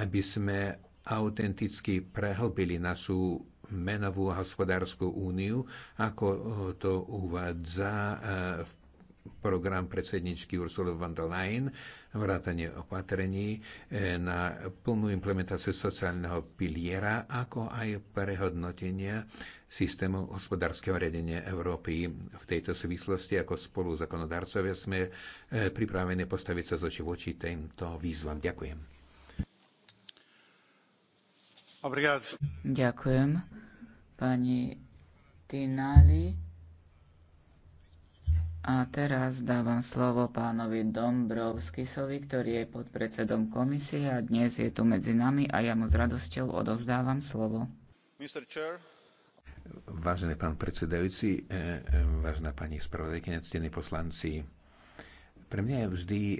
aby sme autenticky prehlbili našu menovú a hospodárskú úniu, ako to uvádza e, v program predsedničky Ursula von der Leyen, vrátanie opatrení e, na plnú implementáciu sociálneho piliera, ako aj prehodnotenia systému hospodárskeho riadenia Európy. V tejto súvislosti ako spolu zákonodarcovia sme e, pripravení postaviť sa zoči voči týmto výzvam. Ďakujem. Ďakujem. Pani Tinali. A teraz dávam slovo pánovi Dombrovskisovi, ktorý je podpredsedom komisie a dnes je tu medzi nami a ja mu s radosťou odovzdávam slovo. Mr. Chair, Vážený pán predsedajúci, e, e, vážená pani spravodajkyňa, ctení poslanci, pre mňa je vždy e,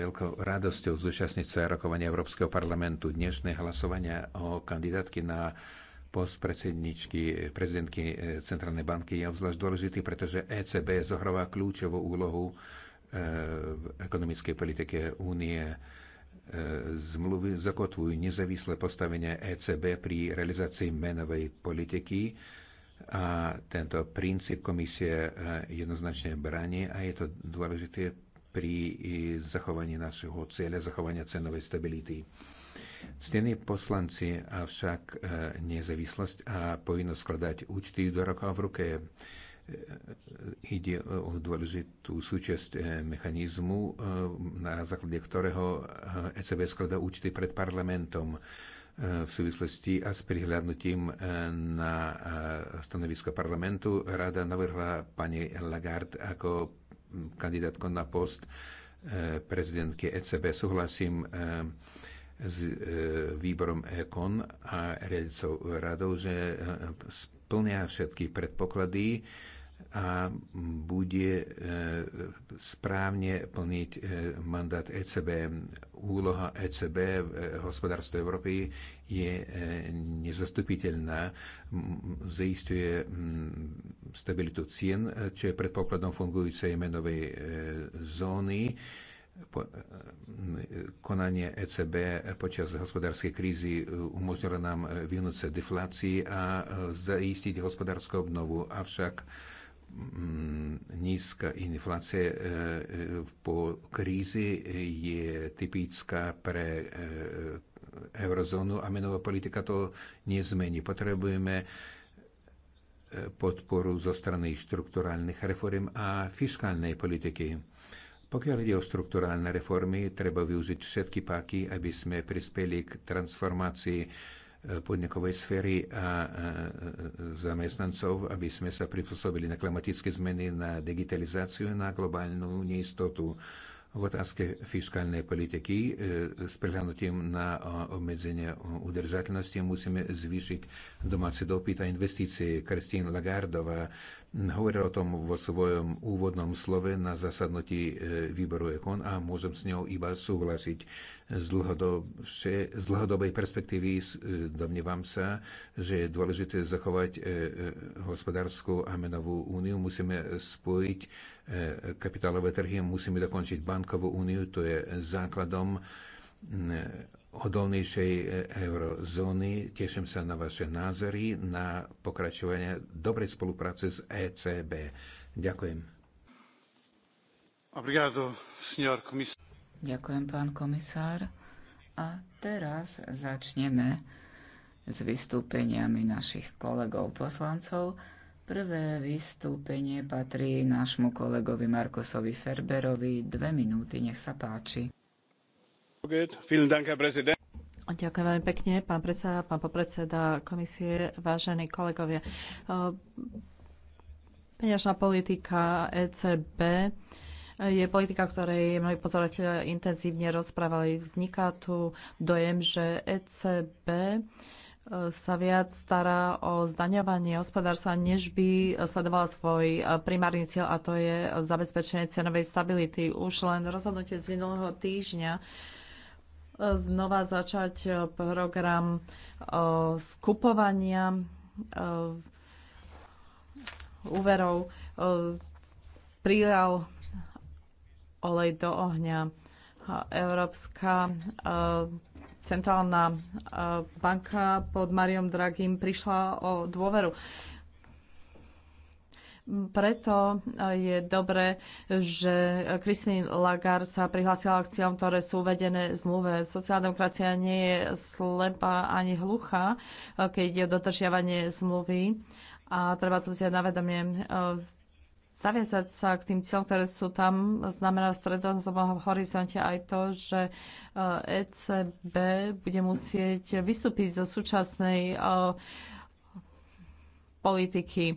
veľkou radosťou zúčastniť sa rokovania Európskeho parlamentu. Dnešné hlasovania o kandidátky na post predsedničky, prezidentky Centrálnej banky je obzvlášť dôležitý, pretože ECB zohráva kľúčovú úlohu v ekonomickej politike únie zmluvy zakotvujú nezávislé postavenie ECB pri realizácii menovej politiky a tento princíp komisie e, jednoznačne bráni a je to dôležité pri e, zachovaní našeho cieľa, zachovania cenovej stability. Ctení poslanci avšak e, nezávislosť a povinnosť skladať účty do roka v ruke E, e, e, ide o dôležitú súčasť mechanizmu, na základe ktorého ECB skladá účty pred parlamentom v súvislosti a s prihľadnutím na stanovisko parlamentu. Rada navrhla pani Lagarde ako kandidátko na post prezidentky ECB. Súhlasím s výborom EKON a riadicou radou, že splnia všetky predpoklady a bude e, správne plniť e, mandát ECB. Úloha ECB v e, hospodárstve Európy je nezastupiteľná, zaistuje stabilitu cien, čo je predpokladom fungujúcej menovej zóny konanie ECB počas hospodárskej krízy umožnilo nám vyhnúť sa deflácii a zaistiť hospodárskú obnovu. Avšak Mm, nízka inflácia e, e, po krízi je typická pre e, eurozónu a menová politika to nezmení. Potrebujeme podporu zo strany štrukturálnych reform a fiskálnej politiky. Pokiaľ ide o štrukturálne reformy, treba využiť všetky páky, aby sme prispeli k transformácii podnikovej sféry a zamestnancov, aby sme sa prispôsobili na klimatické zmeny, na digitalizáciu, na globálnu neistotu v otázke fiskálnej politiky e, s prehľadnutím na obmedzenie udržateľnosti musíme zvýšiť domáce dopyt a investície. Kristín Lagardová hovorila o tom vo svojom úvodnom slove na zasadnutí e, výboru EKON a môžem s ňou iba súhlasiť z, dlhodobšie, z dlhodobej perspektívy e, domnievam sa, že je dôležité zachovať e, e, hospodárskú a menovú úniu. Musíme spojiť kapitálové trhy, musíme dokončiť bankovú úniu, to je základom odolnejšej eurozóny. Teším sa na vaše názory, na pokračovanie dobrej spolupráce s ECB. Ďakujem. Obrigado, senhor comissário. Ďakujem, pán komisár. A teraz začneme s vystúpeniami našich kolegov poslancov. Prvé vystúpenie patrí nášmu kolegovi Markusovi Ferberovi. Dve minúty, nech sa páči. Ďakujem veľmi pekne, pán predseda, pán popredseda komisie, vážení kolegovia. Peňažná politika ECB je politika, ktorej mnohí pozorovateľe eh, intenzívne rozprávali. Vzniká tu dojem, že ECB eh, sa viac stará o zdaňovanie hospodárstva, než by sledovala svoj eh, primárny cieľ, a to je zabezpečenie cenovej stability. Už len rozhodnutie z minulého týždňa znova začať program skupovania úverov prijal olej do ohňa. Európska e, centrálna e, banka pod Mariom Dragim prišla o dôveru. Preto e, je dobré, že Christine Lagarde sa prihlásila akciám, ktoré sú uvedené v zmluve. Sociálna demokracia nie je slepá ani hluchá, keď ide o dodržiavanie zmluvy a treba to vziať na vedomie zaviazať sa k tým cieľom, ktoré sú tam, znamená v stredozomom horizonte aj to, že ECB eh, e bude musieť vystúpiť zo súčasnej eh, politiky.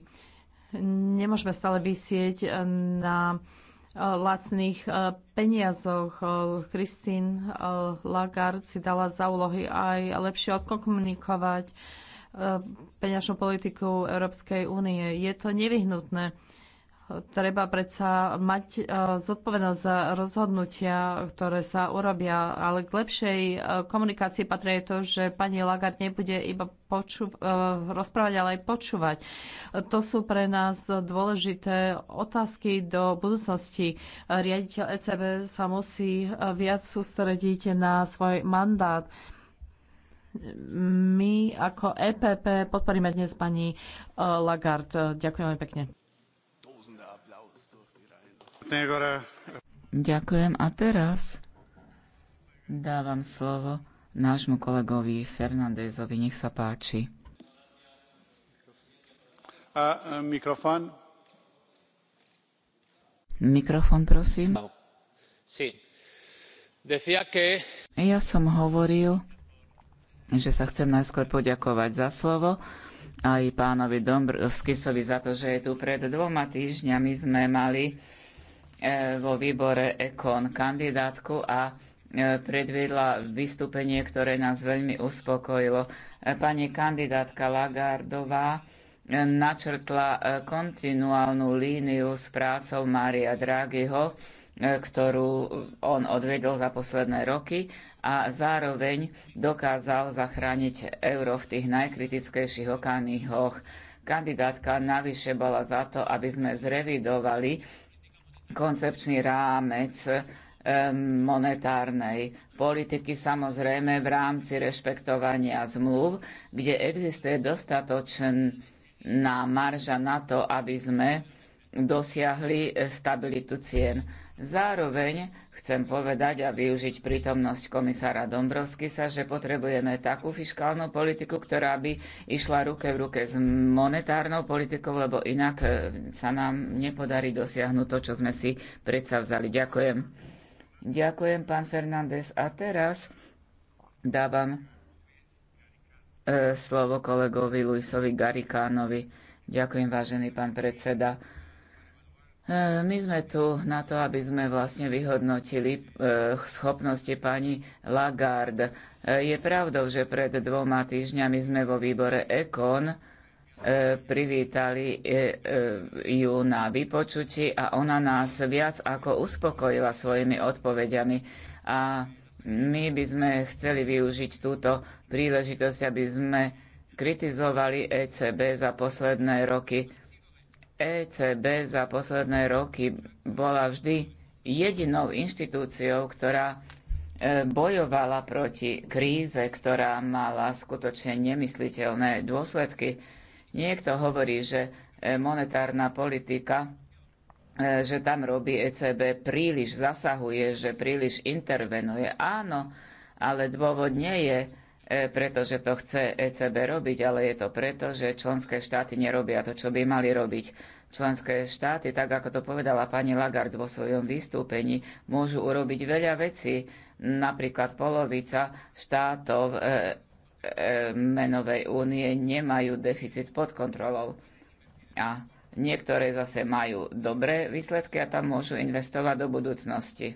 Nemôžeme stále vysieť na eh, lacných peniazoch. Christine Lagarde si dala za úlohy aj lepšie odkomunikovať peňažnú politiku Európskej únie. Je to nevyhnutné treba predsa mať e, zodpovednosť za rozhodnutia, ktoré sa urobia, ale k lepšej e, komunikácii patrí to, že pani Lagarde nebude iba poču- e, rozprávať, ale aj počúvať. To sú pre nás dôležité otázky do budúcnosti. Riaditeľ ECB sa musí viac sústrediť na svoj mandát my ako EPP podporíme dnes pani Lagarde. Ďakujem pekne. Ďakujem a teraz dávam slovo nášmu kolegovi Fernandezovi. Nech sa páči. A, e, mikrofón. Mikrofón, prosím. Ja som hovoril, že sa chcem najskôr poďakovať za slovo aj pánovi Dombrovskisovi za to, že je tu pred dvoma týždňami sme mali E, vo výbore Ekon kandidátku a e, predviedla vystúpenie, ktoré nás veľmi uspokojilo. E, pani kandidátka Lagardová načrtla kontinuálnu líniu s prácou Mária Draghiho, ktorú on odvedol za posledné roky a zároveň dokázal zachrániť euro v tých najkritickejších okamihoch. Kandidátka navyše bola za to, aby sme zrevidovali koncepčný rámec monetárnej politiky, samozrejme v rámci rešpektovania zmluv, kde existuje dostatočná marža na to, aby sme dosiahli stabilitu cien. Zároveň chcem povedať a využiť prítomnosť komisára Dombrovskisa, že potrebujeme takú fiskálnu politiku, ktorá by išla ruke v ruke s monetárnou politikou, lebo inak e, sa nám nepodarí dosiahnuť to, čo sme si predsa vzali. Ďakujem. Ďakujem, pán Fernández. A teraz dávam e, slovo kolegovi Luisovi Garikánovi. Ďakujem, vážený pán predseda. E, my sme tu na to, aby sme vlastne vyhodnotili e, schopnosti pani Lagarde. E, je pravdou, že pred dvoma týždňami sme vo výbore EKON privítali ju na vypočutí a ona nás viac ako uspokojila svojimi odpovediami. A my by sme chceli využiť túto príležitosť, aby sme kritizovali ECB za posledné roky ECB za posledné roky bola vždy jedinou inštitúciou, ktorá e, bojovala proti kríze, ktorá mala skutočne nemysliteľné dôsledky. Niekto hovorí, že e, monetárna politika, e, že tam robí ECB príliš zasahuje, že príliš intervenuje. Áno, ale dôvod nie je E, pretože to chce ECB robiť, ale je to preto, že členské štáty nerobia to, čo by mali robiť. Členské štáty, tak ako to povedala pani Lagarde vo svojom vystúpení, môžu urobiť veľa vecí. Napríklad polovica štátov e, e, menovej únie nemajú deficit pod kontrolou. A niektoré zase majú dobré výsledky a tam môžu investovať do budúcnosti. E,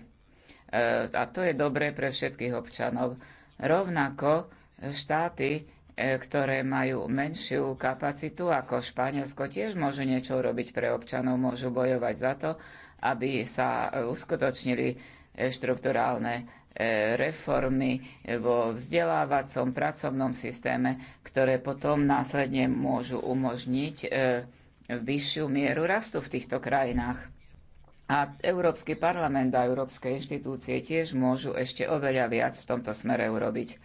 a to je dobré pre všetkých občanov. Rovnako štáty, e, ktoré majú menšiu kapacitu ako Španielsko, tiež môžu niečo robiť pre občanov, môžu bojovať za to, aby sa e, uskutočnili e, štrukturálne reformy vo vzdelávacom pracovnom systéme, ktoré potom následne môžu umožniť vyššiu mieru rastu v týchto krajinách. A Európsky parlament a európske inštitúcie tiež môžu ešte oveľa viac v tomto smere urobiť.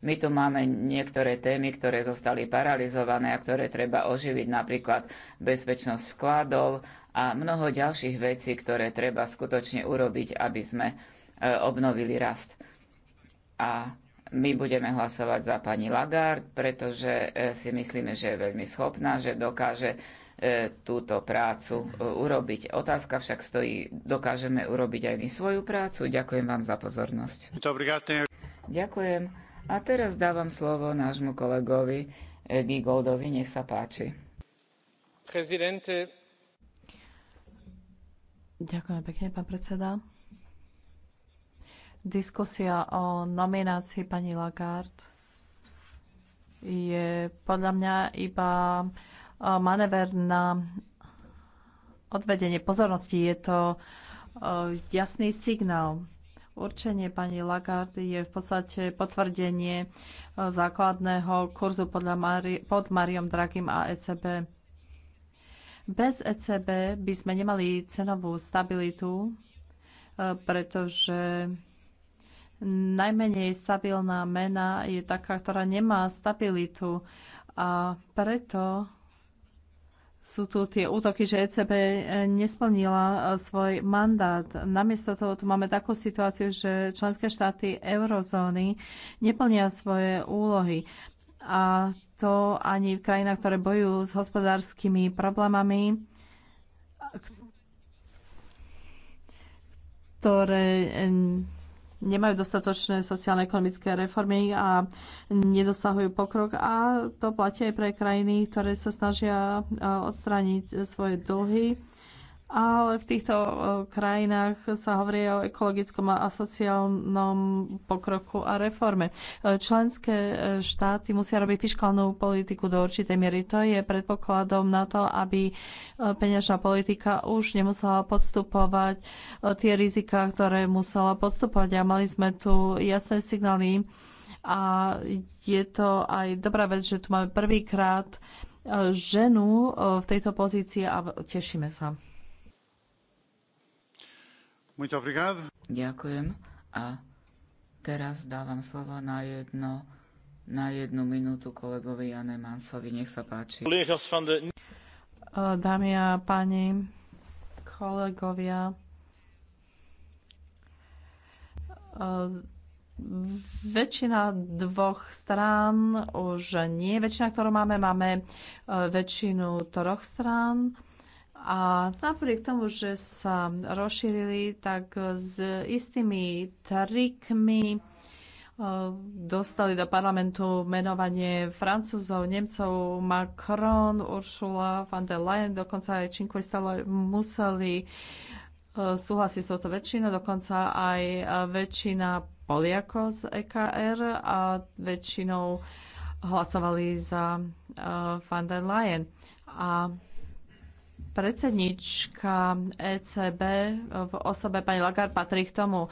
My tu máme niektoré témy, ktoré zostali paralizované a ktoré treba oživiť, napríklad bezpečnosť vkladov a mnoho ďalších vecí, ktoré treba skutočne urobiť, aby sme e, obnovili rast. A my budeme hlasovať za pani Lagarde, pretože e, si myslíme, že je veľmi schopná, že dokáže e, túto prácu urobiť. Otázka však stojí, dokážeme urobiť aj my svoju prácu. Ďakujem vám za pozornosť. Ďakujem. A teraz dávam slovo nášmu kolegovi Gigoldovi, nech sa páči. Prezidente. Ďakujem pekne, pán predseda. Diskusia o nominácii pani Lagarde je podľa mňa iba e, manéver na odvedenie pozornosti. Je to e, jasný signál. Určenie pani Lagarde je v podstate potvrdenie e, základného kurzu podľa Mari- pod Mariom Dragim a ECB. Bez ECB by sme nemali cenovú stabilitu, e, pretože najmenej stabilná mena je taká, ktorá nemá stabilitu a preto sú tu tie útoky, že ECB eh, nesplnila eh, svoj mandát. Namiesto toho tu máme takú situáciu, že členské štáty eurozóny neplnia svoje úlohy. A to ani v krajinách, ktoré bojujú s hospodárskymi problémami, ktoré eh, nemajú dostatočné sociálne-ekonomické reformy a nedosahujú pokrok. A to platí aj pre krajiny, ktoré sa snažia eh, odstrániť eh, svoje dlhy ale v týchto e, krajinách sa hovorí o ekologickom a sociálnom pokroku a reforme. E, členské e, štáty musia robiť fiskálnu politiku do určitej miery. To je predpokladom na to, aby peňažná politika už nemusela podstupovať tie rizika, ktoré musela podstupovať. A mali sme tu jasné signály a je to aj dobrá vec, že tu máme prvýkrát ženu v tejto pozícii a tešíme sa. Ďakujem. A teraz dávam slovo na jedno na jednu minútu kolegovi Jane Mansovi. Nech sa páči. Dámy a páni, kolegovia, väčšina dvoch strán už nie. Väčšina, ktorú máme, máme väčšinu troch strán a napriek tomu, že sa rozšírili, tak s istými trikmi e, dostali do parlamentu menovanie Francúzov, Nemcov, Macron, Ursula von der Leyen, dokonca aj Cinque Stelle museli e, súhlasiť s touto väčšinou, dokonca aj väčšina Poliakov z EKR a väčšinou hlasovali za e, von der Leyen. A predsednička ECB v osobe pani Lagarde patrí k tomu.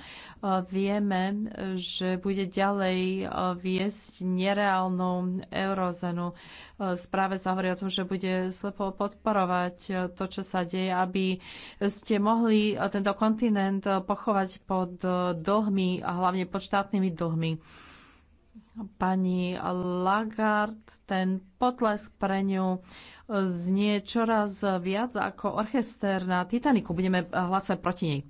Vieme, že bude ďalej viesť nereálnu eurozenu. Správe sa hovorí o tom, že bude slepo podporovať to, čo sa deje, aby ste mohli tento kontinent pochovať pod dlhmi a hlavne pod štátnymi dlhmi pani Lagarde, ten potlesk pre ňu znie čoraz viac ako orchester na Titaniku. Budeme hlasovať proti nej.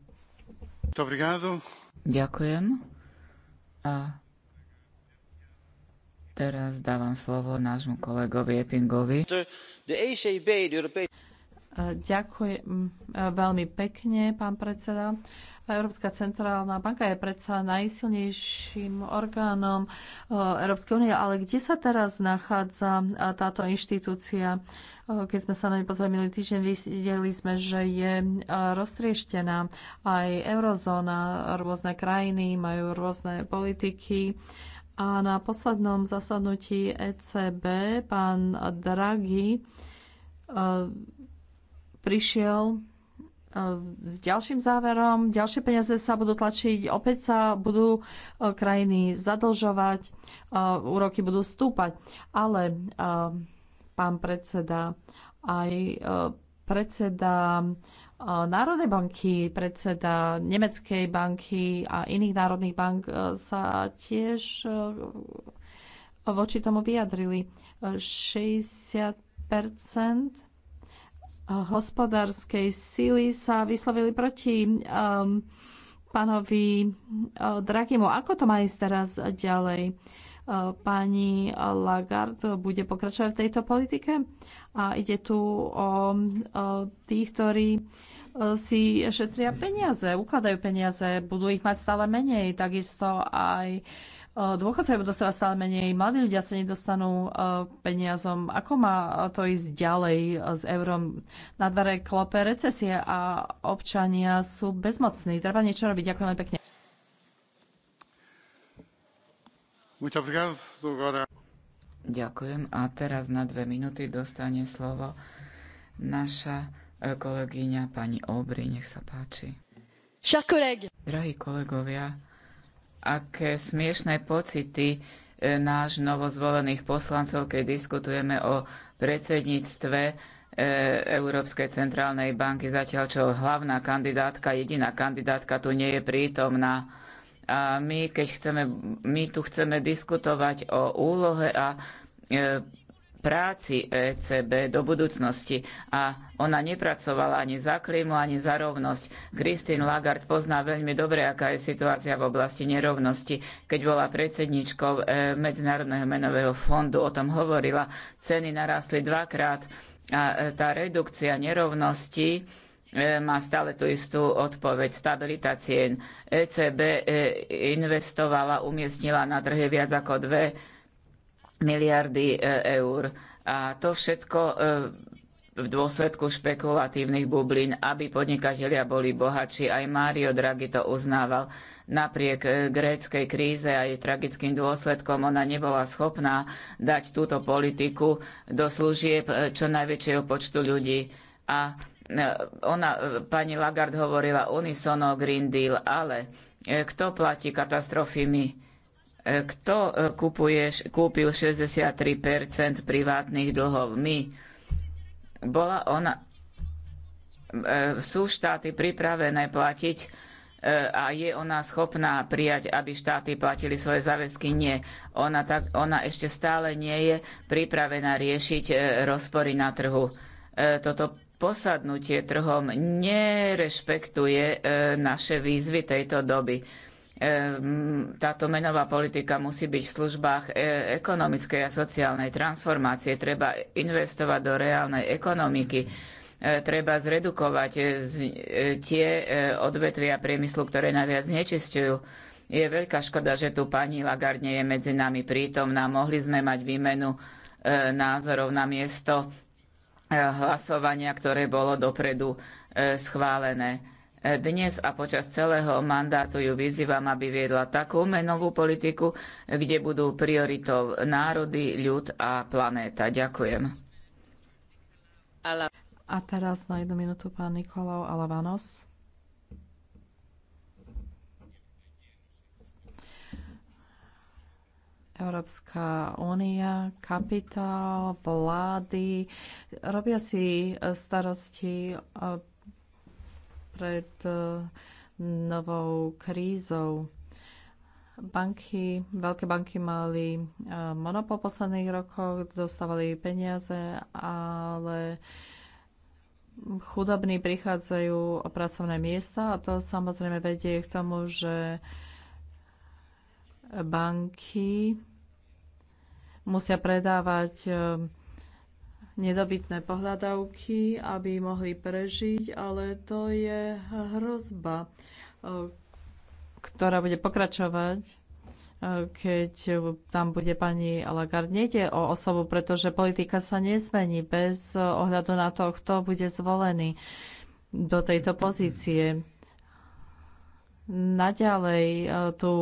Ďakujem. A teraz dávam slovo nášmu kolegovi Eppingovi. Ďakujem mm, eh, veľmi pekne, pán predseda. Európska centrálna banka je predsa najsilnejším orgánom eh, Európskej únie, ale kde sa teraz nachádza eh, táto inštitúcia? Keď sme sa na ňu pozreli minulý týždeň, videli sme, že je roztrieštená. Aj eurozóna, rôzne krajiny majú rôzne politiky. A na poslednom zasadnutí ECB pán Draghi prišiel e, s ďalším záverom. Ďalšie peniaze sa budú tlačiť, opäť sa budú e, krajiny zadlžovať, e, úroky budú stúpať. Ale pán predseda, aj predseda Národnej banky, predseda Nemeckej banky a iných národných bank sa tiež voči tomu vyjadrili. 60 hospodárskej síly sa vyslovili proti um, pánovi uh, Dragimu. Ako to má ísť teraz ďalej? Uh, pani Lagarde bude pokračovať v tejto politike a ide tu o uh, tých, ktorí uh, si šetria peniaze, ukladajú peniaze, budú ich mať stále menej, takisto aj uh, Dôchodcov dostáva dostávať stále menej, mladí ľudia sa nedostanú peniazom. Ako má to ísť ďalej s eurom? Na dvere klope recesie a občania sú bezmocní. Treba niečo robiť. Ďakujem pekne. Ďakujem. A teraz na dve minúty dostane slovo naša e, kolegyňa pani Obry. Nech sa páči. Drahí kolegovia, aké smiešné pocity e, náš novozvolených poslancov, keď diskutujeme o predsedníctve e, Európskej centrálnej banky, zatiaľ čo hlavná kandidátka, jediná kandidátka tu nie je prítomná. A my, keď chceme, my tu chceme diskutovať o úlohe a e, práci ECB do budúcnosti a ona nepracovala ani za klímu, ani za rovnosť. Christine Lagarde pozná veľmi dobre, aká je situácia v oblasti nerovnosti. Keď bola predsedničkou e, Medzinárodného menového fondu, o tom hovorila, ceny narástli dvakrát a e, tá redukcia nerovnosti e, má stále tú istú odpoveď. Stabilita cien. ECB investovala, umiestnila na trhe viac ako dve miliardy e, eur. A to všetko e, v dôsledku špekulatívnych bublín, aby podnikatelia boli bohatší. Aj Mário Draghi to uznával. Napriek e, gréckej kríze a jej tragickým dôsledkom ona nebola schopná dať túto politiku do služieb čo najväčšieho počtu ľudí. A ona, pani Lagarde hovorila unisono Green Deal, ale kto platí katastrofy my? Kto e, kupuje, kúpil 63% privátnych dlhov? My. Bola ona, e, sú štáty pripravené platiť e, a je ona schopná prijať, aby štáty platili svoje záväzky? Nie. Ona, tak, ona ešte stále nie je pripravená riešiť rozpory na trhu. Toto posadnutie trhom nerešpektuje naše výzvy tejto doby táto menová politika musí byť v službách e, ekonomickej a sociálnej transformácie. Treba investovať do reálnej ekonomiky. E, treba zredukovať e, tie odvetvia priemyslu, ktoré najviac nečisťujú. Je veľká škoda, že tu pani Lagarde je medzi nami prítomná. Mohli sme mať výmenu názorov na miesto hlasovania, ktoré bolo dopredu schválené dnes a počas celého mandátu ju vyzývam, aby viedla takú menovú politiku, kde budú prioritou národy, ľud a planéta. Ďakujem. A teraz na jednu minútu pán Nikolau Alavanos. Európska únia, kapitál, vlády robia si starosti pred e, novou krízou. Banky, veľké banky mali e, monopol posledných rokov, dostávali peniaze, ale chudobní prichádzajú o pracovné miesta a to samozrejme vedie k tomu, že banky musia predávať e, nedobytné pohľadavky, aby mohli prežiť, ale to je hrozba, eh, ktorá bude pokračovať eh, keď tam bude pani Lagarde. Nejde o osobu, pretože politika sa nezmení bez ohľadu na to, kto bude zvolený do tejto pozície. Naďalej eh, tu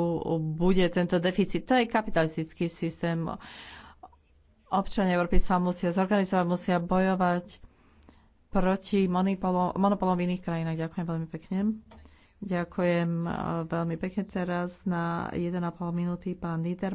bude tento deficit. To je kapitalistický systém. Občania Európy sa musia zorganizovať, musia bojovať proti monopolom v iných krajinách. Ďakujem veľmi pekne. Ďakujem eh, veľmi pekne teraz na 1,5 minúty pán Niederman.